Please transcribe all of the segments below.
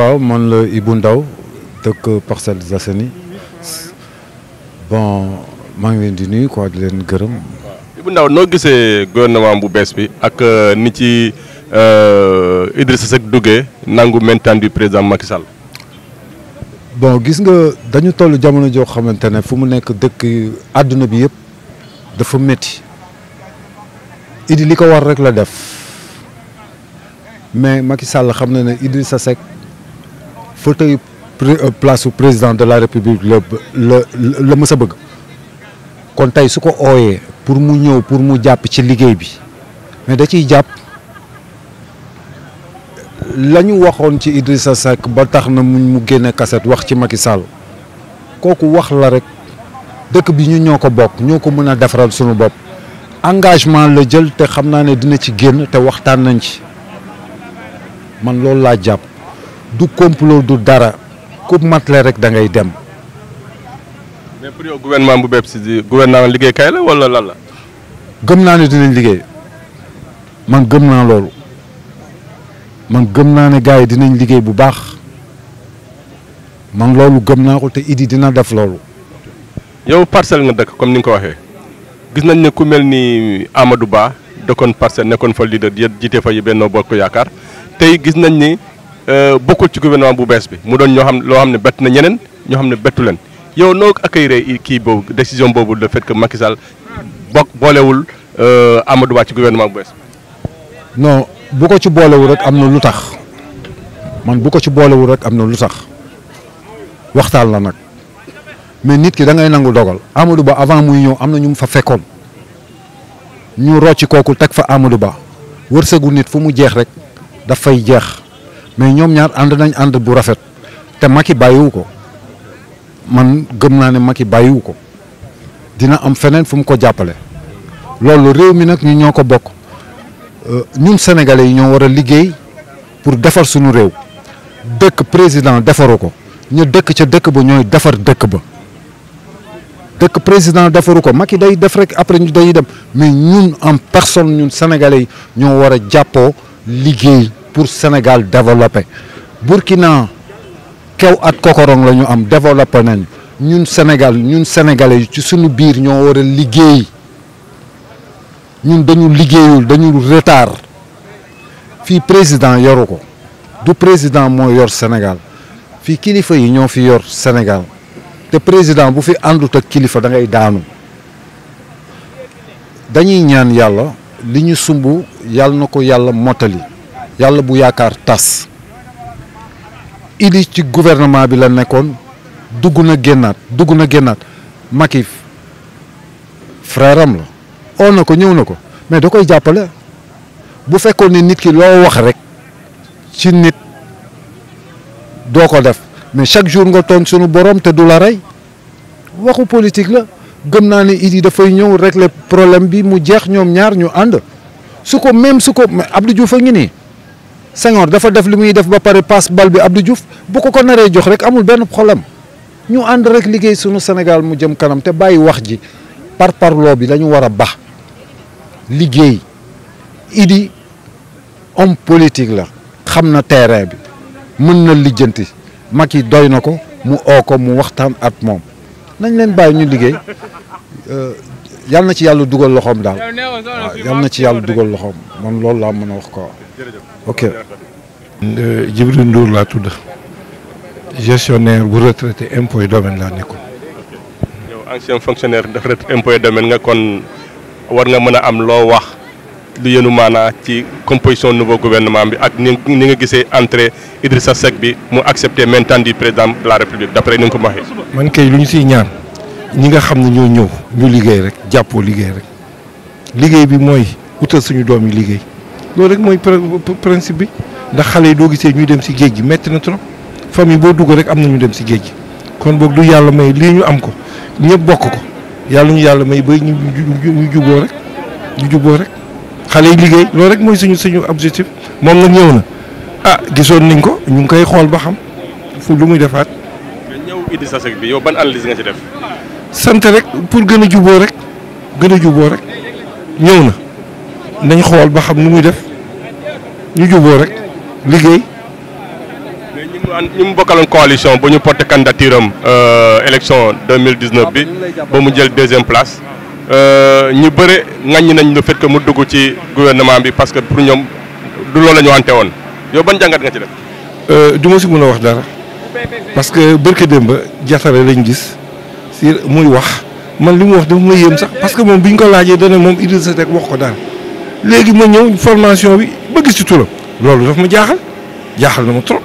waaw man la Ibou Ndaw dëkk Parcelles Assainies bon maa ngi leen di nuyu quoi di leen gërëm. Ibou Ndaw noo gisee gouvernement bu bees bi ak euh, ni ci euh, Idrissa Seck duggee nangu maintien du président Macky Sall. bon gis nga dañu toll jamono joo xamante ne fu mu nekk dëkk àdduna bi yëpp dafa metti Idi li ko war rek la def mais Macky xam na ne Idrissa Seck fauteuil euh, place su président de la république la la la mës a bëgg kon tey su ko ooyee pour mu ñëw pour mu jàpp ci liggéey bi mais da ciy jàpp la ñu waxoon ci sa Seck ba tax na mu génne kaset wax ci Macky Sall kooku wax la rek dëkk bi ñu ñoo ko bokk ñoo ko mën a defaral sunu bopp engagement la jël te xam naa ne dina ci génn te waxtaan nañ ci man loolu laa jàpp. du complot du dara ku la rek da ngay dem. mais pour yow gouvernement bu bépp si di liggéey kay la wala lal la. gëm naa ne dinañ liggéey man gëm naa loolu man gëm naa ni gars yi dinañ liggéey bu baax man loolu gëm naa ko te Idi dina def loolu. yow parcelle nga dëkk comme ni nga ko waxee gis nañ ne ku mel ni Amadou Ba dëkkoon parcelle nekkoon fa leader yéen jiite fa yi Benno Bokk Yaakaar tey gis nañ ni. Euh, bokkul ci gouvernement bu bees bi mu doon ñoo xam loo xam ne bett na ñeneen ñoo xam ne bettu leen yow noo accueillir kii boobu décision boobu le fait que Macky Sall bokk boolewul euh, Amadou Ba ci gouvernement bu bees bu ko ci boolewul rek am na lu tax man bu ko ci boolewul rek am na lu tax waxtaan la nag mais nit ki da ngay nangu dogal Amadou Ba avant muy ñëw am na ñu fa fekkoon ñu rocci kooku teg fa Amadou Ba wërsëgu nit fu mu jeex rek dafay jeex. mais ñoom ñaar ànd nañ ànd bu rafet te Macky bàyyiwu ko man gëm naa ne i bàyyiwu ko dina am feneen fu mu ko jàppale loolu réew mi nag ñu ñoo ko bokk euh, ñun sénégalais yi ñoo war a liggéey pour defar suñu réew dëkk président defaru ko ñu dëkk ca dëkk ba ñooy defar dëkk ba dëkk président defaru ko mag Macky day def rekk après ñu day dem mais ñun am personne ñun sénégalais yi ñoo war a jàppoo liggéey pour Sénégal développé Burkina kew at kokorong la ñu am développé nañ ñun Sénégal ñun sénégalais ci suñu biir ñoo war liggéey ñun dañu liggéeyul dañu retard fii président yoru ko du président moo yor Sénégal fii kilifa yi ñoo fi yor Sénégal te président bu fi àndut ak kilifa da ngay daanu dañuy ñaan yàlla li ñu sumb yàlla na ko yàlla mottali yàlla bu yaakaar tas Idi ci gouvernement bi la nekkoon dugg na génnaat dugg na génnaat Macky frère am la oo na ko ñëw na ko mais da koy jàppale bu fekkoon ne nit ki loo wax rek ci nit doo ko def mais chaque jour nga toon sunu borom te du la rey waxu politique la gëm naa ne Idi dafay ñëw régler problème bi mu jeex ñoom ñaar ñu ànd su ko même su ko mais Abdou Diouf a ngi nii Senghor dafa def li muy def ba pare passe ball bi Abdou Diouf bu ko ko naree jox rek amul benn problème ñu ànd rek liggéey suñu Sénégal mu jëm kanam te bàyyi wax ji par par parloo bi dañu war a baax liggéey Idi homme politique la xam na terrain bi mën na lijjanti mag yi doy na ko mu oo ko mu waxtaan at moom nañ leen bàyyi ñu liggéey euh, yal na ci yàlla dugal loxoom daal waaw na ci yàlla dugal loxoom man loolu laa mën a wax ko ok. Euh, Djibril Ndour laa tudd gestionnaire bu retraité impôt domaine laa nekkoon. yow ancien fonctionnaire de retraité impôt domaine nga kon war nga mën a am loo wax lu yenu maanaa ci composition nouveau gouvernement bi ak ni ni nga gisee entrée Idrissa Seck bi mu accepté maintien du président de la république d' après ni nga ko waxee. man kay lu ñu siy ñaan ñi nga xam ne ñoo ñëw ñu liggéey rek jàppoo liggéey rek liggéey bi mooy utal suñu doom yi liggéey. loolu rek mooy principe bi ndax xale yi doo gisee ñuy dem si géej gi métti na trop famille boo dugg rek am na ñu dem si géej gi kon boog du yàlla may lii ñu am ko ñëpp bokk ko yàlla ñu yàlla may bay ñu ñu juboo rek ñu juboo rek xale yi liggéey loolu rek mooy suñu suñu objectif moom nag ñëw na ah gisoon nañ ko ñu ngi koy xool ba xam fu lu muy defaat. mais ñëw Idrissa Seck bi yow ban analyse nga rek pour gën a juboo rek gën a juboo rek ñëw na. nañ xool ba xam nu muy def ñu juboo rek liggéey. mais ñi mu ànd ñi mu bokkaloon coalition ba ñu porté candidature euh, mille élection 2019 bi ba mu jël deuxième place euh, ñu bëre ŋaññi nañ le fait mu dugg ci gouvernement bi parce que pour ñoom du loolu la ñu wante woon yow ban jàngat nga ci def. Euh, du ma si mën a wax dara parce que barke démb jatare lañ gis si muy wax man li mu wax dafa ma yéem sax parce moom bi ñu ko laajee dana moom Idrissa Seck wax ko daal. léegi ma ñëw formation bi ba gis ci turam loolu daf ma jaaxal jaaxal na ma trop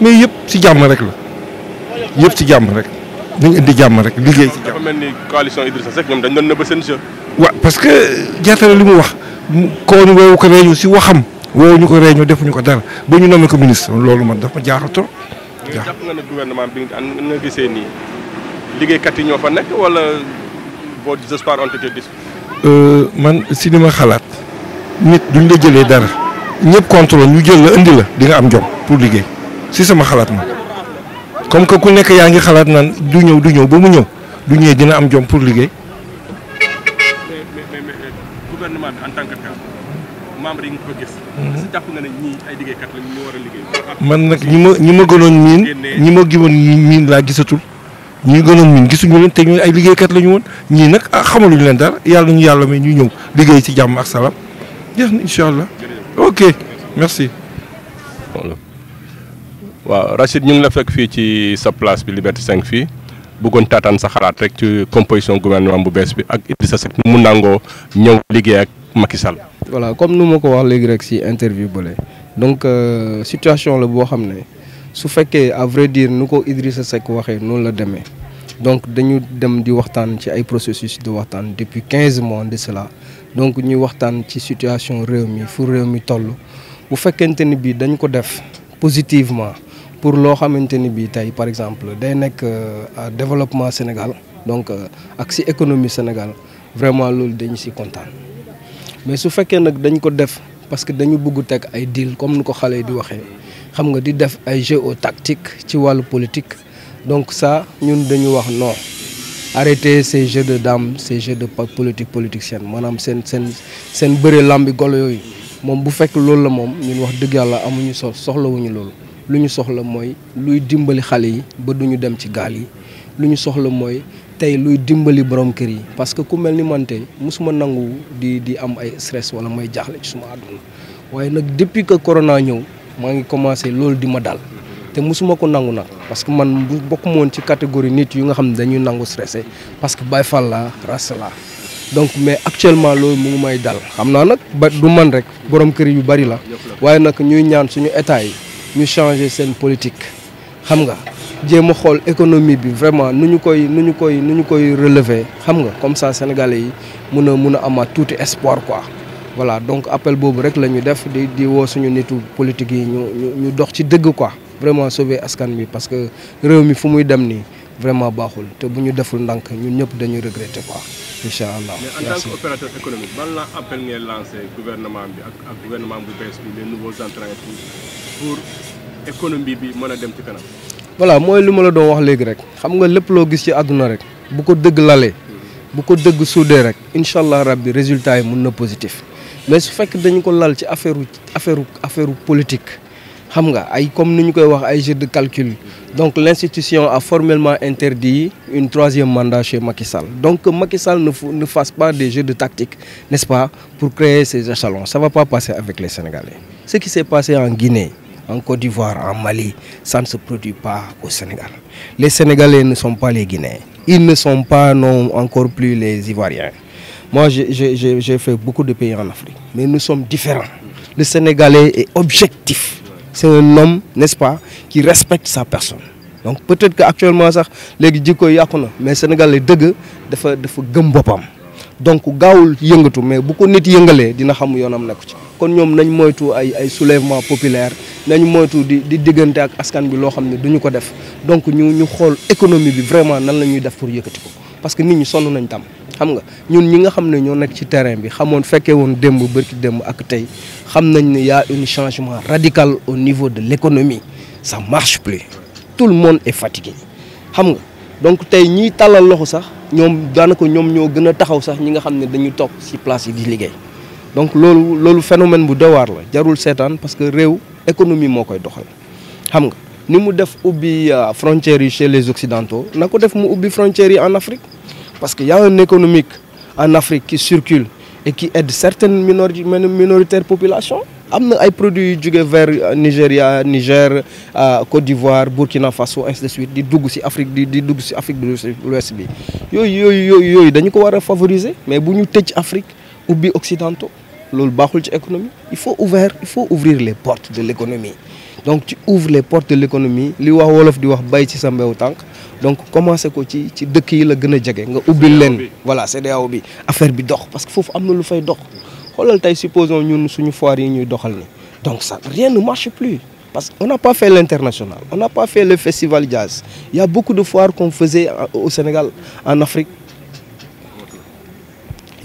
mais yëpp ci jàmm rek la yëpp ci jàmm rek nañ indi jàmm rek liggéey ci jàmm. dafa mel ni coalition Idrissa Seck ñoom dañ doon nëbb seen jeu. waaw parce que jaatale li mu wax mu kooñu woowu ko réew si waxam. woowu ñu ko réew defuñu ko dara ba ñu nommé ko ministre loolu man dafa jaaxal trop. jaaxal jàpp nga ne gouvernement bi nga gisee nii liggéeykat yi ñoo fa nekk wala vos espoirs ont été déçus. Euh, man si li ma xalaat. nit duñ la jëlee dara ñëpp contrôle ñu jël la indi la di nga am jom pour liggéey si sama xalaat na comme que ku nekk yaa ngi xalaat naan du ñëw du ñëw ba mu ñëw du ñëwee dina am jom pour liggéey. gouvernement bi en tant que membre yi nga ko gis. Hmm. si jàpp nga ne ñii ay liggéeykat la ñu war a liggéey. man nag ñi ma ñi ma gënoon miin ñi ma gënoon miin laa gisatul ñi gënoon miin gisuñu leen te ñu ay liggéeykat la ñu woon ñii nag ah, xamaluñu leen dara yàlla ñu yàlla may ñu ñëw liggéey ci jàmm ak salaam. jeex na incha allah ok merci. waaw Rachid ñu ngi la fekk fii ci sa place bi Liberté 5 fii bëggoon taataan sa xalaat rek ci composition gouvernement bu bees bi ak Idrissa Seck mu nangoo ñëw liggéey ak Macky Sall. voilà comme nu ma ko wax léegi rek ci interview bële donc euh, situation la boo xam ne su fekkee à vrai dire nu ko Idrissa Seck waxee noonu la demee donc dañu dem di waxtaan ci ay processus de waxtaan depuis 15 mois de cela. donc ñuy waxtaan ci situation réew mi fu réew mi toll bu fekkente ni bii dañ ko def positivement pour loo xamante ni bii tey par exemple day nekk euh, développement Sénégal donc euh, ak ci économie Sénégal vraiment loolu dañu si kontaan mais su fekkee nag dañ ko def parce que dañu bëgg teg ay deal comme nu ko xale yi di waxee xam nga di def ay jeu tactique ci wàllu politique donc ça ñun dañu wax non arrêter ces jeux de dames ces jeux de politique politicienne manaam seen seen seen bëre làmbi golo yooyu moom bu fekk loolu la moom ñun wax dëgg yàlla amuñu so soxlawuñu loolu lu ñu soxla mooy luy dimbali xale yi ba duñu dem ci gaal yi lu ñu soxla mooy tey luy dimbali borom kër yi parce que ku mel ni man tey mosuma nangu di di am ay stress wala may jaaxle ci suma àdduna waaye nag depuis que corona ñëw maa ngi commencé loolu di ma dal te musuma ko nangu nag parce que man bu bokk moon ci catégorie nit yu nga xam ne dañuy nangu stressé parce que Baye Fall la ras la donc mais actuellement loolu mu ngi may dal xam naa nag ba du man rek borom kër yu bari la waaye nag ñuy ñaan suñu état yi ñu changer seen politique xam nga jéem a xool économie bi vraiment nu ñu koy nu ñu koy nu ñu koy relever xam nga comme ça sénégalais yi mun a mun a amaat tuuti espoir quoi voilà donc appel boobu rek la ñu def di di woo suñu nitu politique yi ñu ñu dox ci dëgg quoi vraiment sauver askan bi parce que réew mi fu muy dem nii vraiment baaxul te bu ñu deful ndànk ñun ñëpp dañu regretter quoi incha allah. mais en tant qu'opérateur bi ak ak gouvernement bu bi mën a dem ci mooy li ma la doon wax léegi rek xam nga lépp loo gis ci àdduna rek bu ko dëgg lalee bu ko dëgg suudee rek incha allah rabbi résultat yi mun na positif mais su fekk dañu ko lal ci affaire affaire affaire politique. xam nga ay comme ni ñu koy wax ay jeu de calcul donc l'institution a formellement interdit une troisième mandat chez Macky Sall donc Macky Sall ne, ne fasse pas des jeux de tactique n'est-ce pas pour créer ces échelons ça va pas passer avec les Sénégalais ce qui s'est passé en Guinée en Côte d'Ivoire en Mali ça ne se produit pas au Sénégal les Sénégalais ne sont pas les Guinéens ils ne sont pas non encore plus les Ivoiriens moi j'ai j'ai fait beaucoup de pays en Afrique mais nous sommes différents le Sénégalais est objectif c'est un homme n'est-ce pas ki respecte sa personne donc peut-être que actuellement sax léegi jikko yàqu na mais sénégalais dëgg dafa dafa gëm boppam donc gaawul yëngatu mais bu ko nit yëngalee dina xamu yoonam nekku ci kon ñoom nañ moytu ay ay soulèvement populaire nañ moytu di di diggante ak askan bi loo xam ne duñu ko def donc ñu ñu xool économie bi vraiment nan la ñuy def pour yëkkati ko parce que nit ñi sonn nañ tam xam nga ñun ñi nga xam ne ñoo nekk ci terrain bi xamoon fekkee woon démb bërki démb ak tey xam nañ ne y a un changement radical au niveau de l'économie ça marche plus tout le monde et fatigué xam nga donc tey ñiy tàllal loxo sax ñoom daanaka ñoom ñoo gën a taxaw sax ñi nga xam ne dañu toog si place yi di liggéey donc loolu loolu phénomène bu dawaar la jarul seetaan parce que réew économie moo koy doxal xam nga ni mu def ubbi euh, frontières yi chez les occidentaux na ko def mu ubbi frontières yi en Afrique parce que y a un en Afrique qui circule et qui aide certaines minori minoritaires populations am na ay produits yu jóge vers euh, Nigéria Niger euh, Côte d'Ivoire Burkina Faso ainsi de suite di dugg ci Afrique di di dugg ci Afrique de l'Ouest bi yooyu yooyu yooyu yooyu dañu ko war a favoriser mais bu ñu ci Afrique ubbi occidentaux loolu baaxul ci économie il faut ouvert il faut ouvrir les portes de l'économie donc tu ouvres les portes de l'économie li wax wolof di wax bay ci sa mbeewu tànk donc commencé ko ci ci dëkk yi la gën a jege nga ubbil leen voilà CEDEAO bi affaire bi dox parce que foofu am na lu fay dox xoolal tey supposons ñun suñu foire yi ñuy doxal ni donc ça rien ne marche parce qu'on n'a pas fait l'international on n'a le festival jazz il y a beaucoup de foires qu'on euh, au Sénégal en Afrique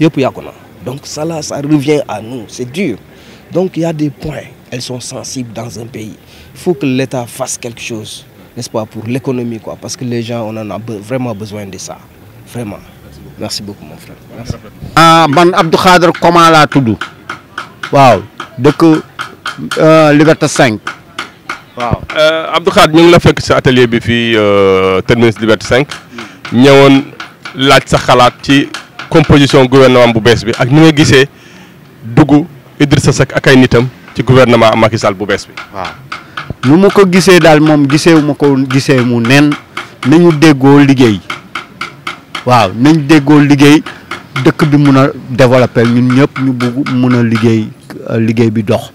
yëpp yàqu na donc ça là ça à nous c'est dur donc il a des points elles sont sensibles dans un pays il faut que l'État fasse quelque chose n'est-ce pas, pour l'économie, quoi, parce que les gens, on en a vraiment besoin de ça. Vraiment. Merci beaucoup, mon frère. Merci. Ah, man Abdou Khadr, comment l'a tout Wow. Donc, euh, Liberté 5. waaw euh, Abdou Khadr ñu ngi la fekk si atelier bi fii euh, terminus Liberté cinq ñëwoon laaj sa xalaat ci composition gouvernement bu bees bi ak ni nga gisee dugg Idrissa Seck ak ay nitam ci gouvernement Macky Sall bu bees bi waaw. nu ma ko gisee daal moom gisee ma ko gisee mu nen nañu déggoo liggéey waaw nañ déggoo liggéey dëkk bi mun a développer ñun ñëpp ñu bugg mun a liggéey liggéey bi dox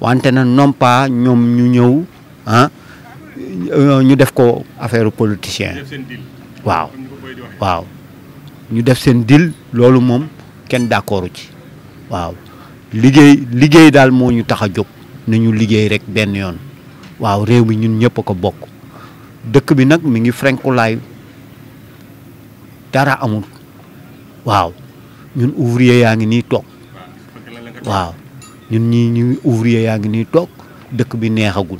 wante na nompa ñoom ñu ñëw ah, ñu def ko affaire politicien waaw waaw ñu def seen deal loolu moom kenn d'accordu ci waaw liggéey liggéey daal moo ñu tax a jóg nañu liggéey rek benn yoon waaw réew bi ñun ñëpp a ko bokk dëkk bi nag mi ngi frenkulaay dara amul waaw ñun ouvrier yaa ngi nii toog waaw ñun ñii ñu ouvrier yaa ngi nii toog dëkk bi neexagul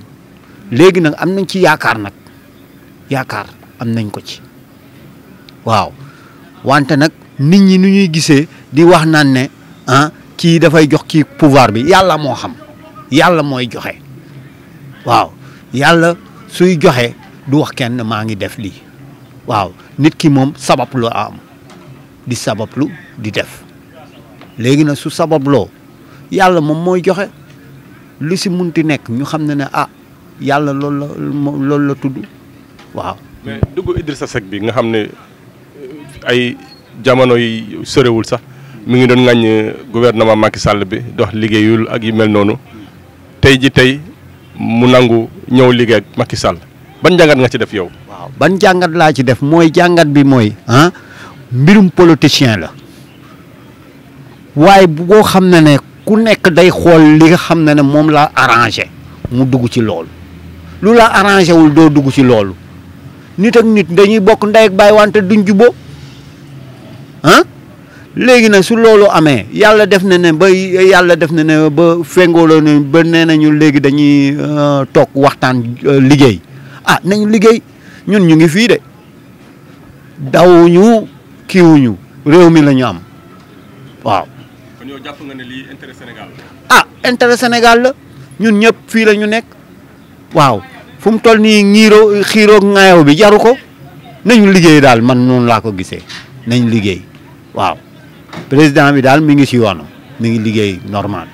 léegi nag am nañ ci yaakaar nag yaakaar am nañ ko ci waaw wante nag nit ñi nu ñuy gisee di wax naan ne ah kii dafay jox kii pouvoir bi yàlla moo xam yàlla mooy joxe waaw yàlla suy joxe du wax kenn maa ngi def lii waaw nit ki moom sabablu a am di sabablu di def léegi nag su sababloo yàlla moom mooy joxe lu si munti nekk ñu xam ne ne ah yàlla loolu la loolu la tudd waaw. mais dugg bi nga xam ne ay jamono yi sorewul sax mu ngi doon ŋàññ gouvernement Macky sàll bi dox liggéeyul ak yi mel noonu tey ji tey. mu nangu ñëw liggéey ak Macky Sall ban jàngat nga ci def yow. waaw ban jàngat laa ci def mooy jàngat bi mooy ah mbirum politicien la waaye boo xam ne ne ku nekk day xool li nga xam ne ne moom laa arrangé mu dugg ci loolu lu la arrangé wul doo dugg ci loolu nit ak nit dañuy bokk ndey ak baay wante duñ juboo ah. léegi nag su loolu amee yàlla def na ne ba yàlla def na ne ba fengooloo na nee nañu léegi dañuy euh, toog waxtaan euh, liggéey ah nañu liggéey ñun ñu ngi fii de dawuñu kiiwuñu réew mi lañu am waaw. kon yow jàpp nga ne lii intérêt Sénégal la. ah intérêt la ñun ñëpp fii la nekk waaw fu mu toll nii ñiiroo xiiroo ŋaayaw bi jaru ko nañu liggéey daal man noonu laa ko gisee nañ liggéey waaw. président bi daal mi ngi si yoonam mi ngi liggéey normal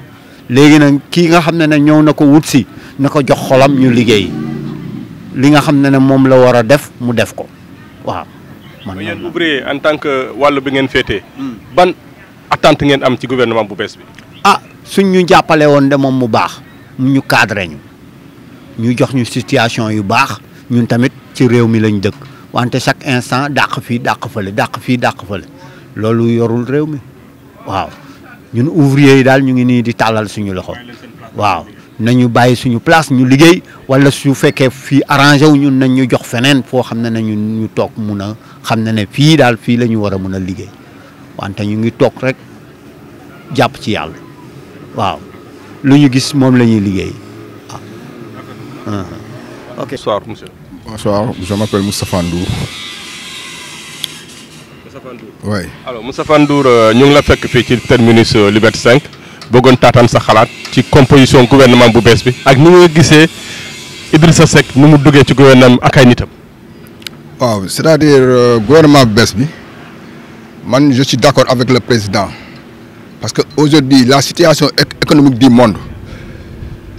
léegi nag kii nga xam ne ne ñëw na ko wut si na ko jox xolam ñu liggéey li nga xam ne ne moom la war a def mu def ko waaw. man yéen ouvrier en tant que wàllu bi ngeen féetee. Hmm. ban attente ngeen am ci gouvernement bu bees bi. ah suñ ñu jàppale woon de moom mu baax ñu cadré ñu ñu jox ñu situation yu baax ñun tamit ci réew mi lañ dëkk wante chaque instant dàq fii dàq fële dàq fii dàq fële loolu yorul réew mi. waaw ñun ouvrier yi daal ñu ngi nii di tàllal suñu loxo waaw nañu bàyyi suñu place ñu liggéey wala su fekkee fii arrangé wu ñun nañ ñu jox feneen foo xam ne na ñu toog mun a xam na ne fii daal fii la ñu war a mun a liggéey wante ñu ngi toog rek jàpp ci yàll waaw lu ñu gis moom la ñuy liggéey waaw ah. ah. ok bonsoir monsieur bonsoir je Moustapha Ndour waay alors Moustapha euh, ñu ngi la fekk fii ci terminus euh, Liberté 5 bëggoon taataan sa xalaat ci composition gouvernement bu bees bi ak ni nga gisee Idrissa Seck ni mu duggee ci gouvernement ak ay nitam waaw c'est-à-dire euh, gouvernement bu bees bi man je suis d'accord avec le président parce que aujourd'hui la situation économique du monde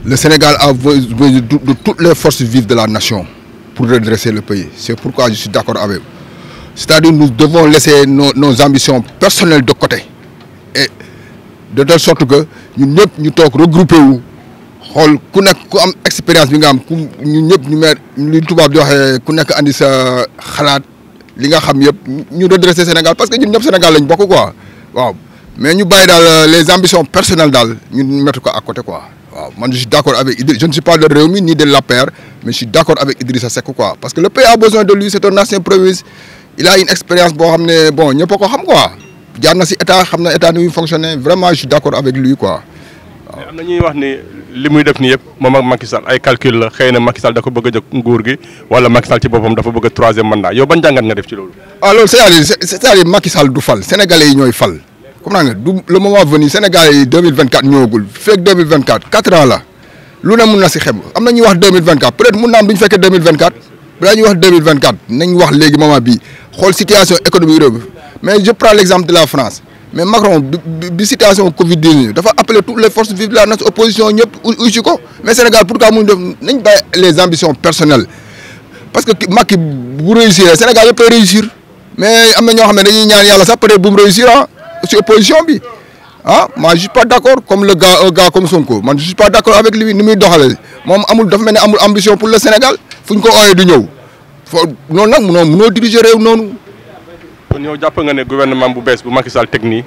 le Sénégal a besoin de toutes les forces vives de la nation pour redresser le pays c'est pourquoi je suis d'accord avec C'est-à-dire nous devons laisser nos, nos, ambitions personnelles de côté. Et de telle sorte que nous ñu toog sommes regroupés. xool ku nekk ku am expérience bi nga am ku ñu ñëpp ñu mer li tubaab di waxee ku nekk andi sa xalaat li nga xam yëpp ñu redresser Sénégal parce que ñun ñëpp Sénégal lañ bokk quoi waaw mais ñu bàyyi daal euh, les ambitions personnelles daal ñu mettre ko à côté quoi waaw man je suis avec Idriss je ne suis pas de Rewmi ni de l'APR mais que le il une expérience boo xam ne bon ñëpp a ko xam quoi jaar na si état xam na état ni fonctionner vraiment je d'accord avec lui quoi. waaw am na ñuy wax ni li muy def nii yëpp moom ak Macky ay calcul la xëy na Macky bëgg nguur gi wala Macky ci boppam dafa bëgg a troisième mandat yow ban jàngat nga def ci loolu. ah loolu c'est-à-dire du fal sénégalais yi ñooy fal. comme naa nga du le moment venu sénégalais yi 2024 ñëwagul fekk 2024 ans la lu ne xool situation économique réew bi mais je prends l' de la France mais Macron bi situation Covid 19 dafa appeler toutes les forces vives de la nation opposition ñëpp uy si ko mais Sénégal pourquoi mu def nañ bàyyi les réussir Sénégal yëpp réussir mais am na ñoo xam ne dañuy ñaan yàlla sa peut être bu mu réussir ah si opposition bi ah moi je pas d' comme le gars comme Sonko man je pas d' avec lui ni muy doxalee moom amul dafa mel ne amul ambition pour le Sénégal fu ñu ko ooyee du foo noonu nag munoo munoo diriger réew noonu. kon yow jàpp nga ne gouvernement bu bees bu Macky Sall teg nii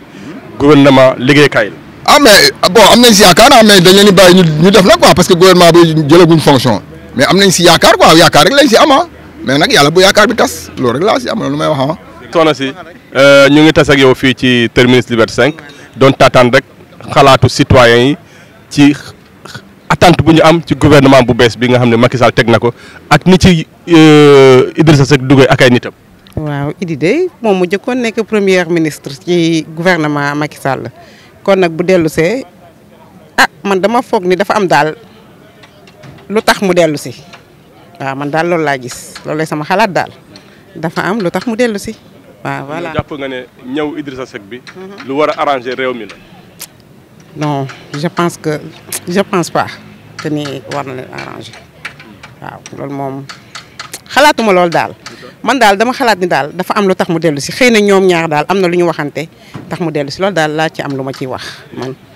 gouvernement liggéeykaay la. ah mais ah, bon am nañ si yaakaar ah mais dañ leen di bàyyi ñu def nag quoi parce que gouvernement bi jëlaguñ fonction mais am nañ si yaakaar quoi yaakaar rek lañ si ama ah. mais nag yàlla bu yaakaar bi tas loolu rek laa si am lu may wax ah. soxna si euh, ñu ngi tas ak yow fii ci terminus Liberté 5 doon taataan rek xalaatu citoyen yi ci sant bu ñu am ci gouvernement bu bees bi nga xam ne Macky teg na ko ak ni ci euh, Idrissa Seck duggee ak ay nitam. waaw Idi de moom mu jëkkoon nekk premier ministre ci gouvernement Macky la kon nag bu dellu see ah man dama foog ni dafa am daal lu tax mu dellu si man daal loolu laa gis loolay sama xalaat daal dafa am lu tax mu dellu si. waaw voilà jàpp nga ne ñëw Idrissa Seck bi. Mhm. lu war a arranger réew mi la. non je pense que je pense pas. que ni war na leen arrangé waaw loolu moom xalaatuma loolu daal. man daal dama xalaat ni daal dafa am lu tax mu dellu si xëy na ñoom ñaar daal am na lu ñu waxante tax mu dellu si loolu daal laa ci am lu ma ciy wax man.